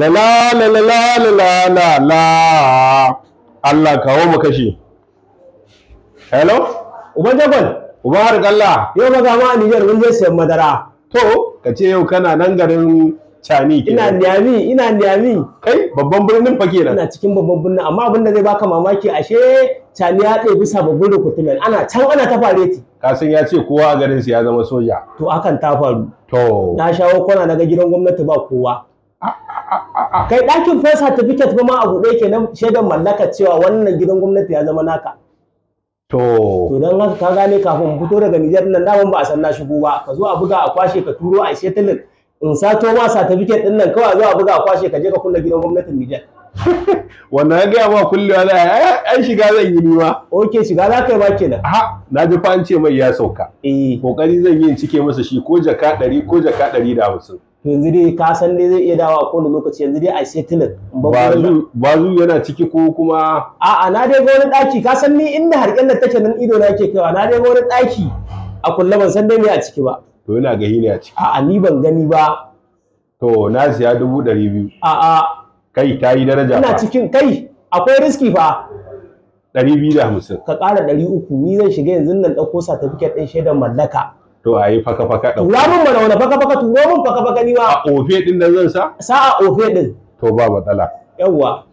la la la la Allah kawo mu kashe a mun je sayan madara to ka ce yau kana nan garin Cani ina ina babban birnin fa ina cikin babban birnin amma abin da zai baka mamaki ashe Cani ya ɗebi bisa babban rukutumen ana can ana ta fareti kasan ya ce kowa a garin ya zama soja to hakan ta faru na shawo daga gidan gwamnati ba kowa ah, ah. kai ɗakin first certificate ba ma abu yake kenan shaidar mallaka cewa wannan gidan gwamnati ya zama naka to to dan haka ka gane kafin fito daga Nijar nan daman ba a san na shigo ba ka zo a buga a kwashe ka turo a settling in sato ma certificate din nan kawai zo a buga a kwashe ka je ka kula gidan gwamnatin Nijar wannan ya gaya ma kullewa na? ai shiga zan yi ma ok shiga za ka yi ba kenan ha na ji fa an ce mai ya sauka eh kokari zan yi in cike masa shi ko jaka 100 ko jaka 150 yanzu dai ka san dai zai iya dawa a kowane lokaci yanzu dai a Ba zu yana ciki ko kuma a'a na dai ga wani daki ka san ni inda harƙen da take nan ido na yake kaiwa na dai ga wani daki a kulle ban san dai me a ciki ba to yana gani ne a ciki a'a ni ban gani ba to na siya dubu ɗari biyu a'a kai ta yi daraja ina cikin kai akwai riski fa ɗari biyu da hamsin ka ƙara ɗari uku ni zan shiga yanzu nan ɗauko satifiket ɗin shaidar mallaka to a yi faka-faka ɗau. Tura mun mana wani faka-faka turo mun faka-faka ni A ofe ɗin da zan sa? Sa a ofe ɗin. To ba matsala. Yawwa.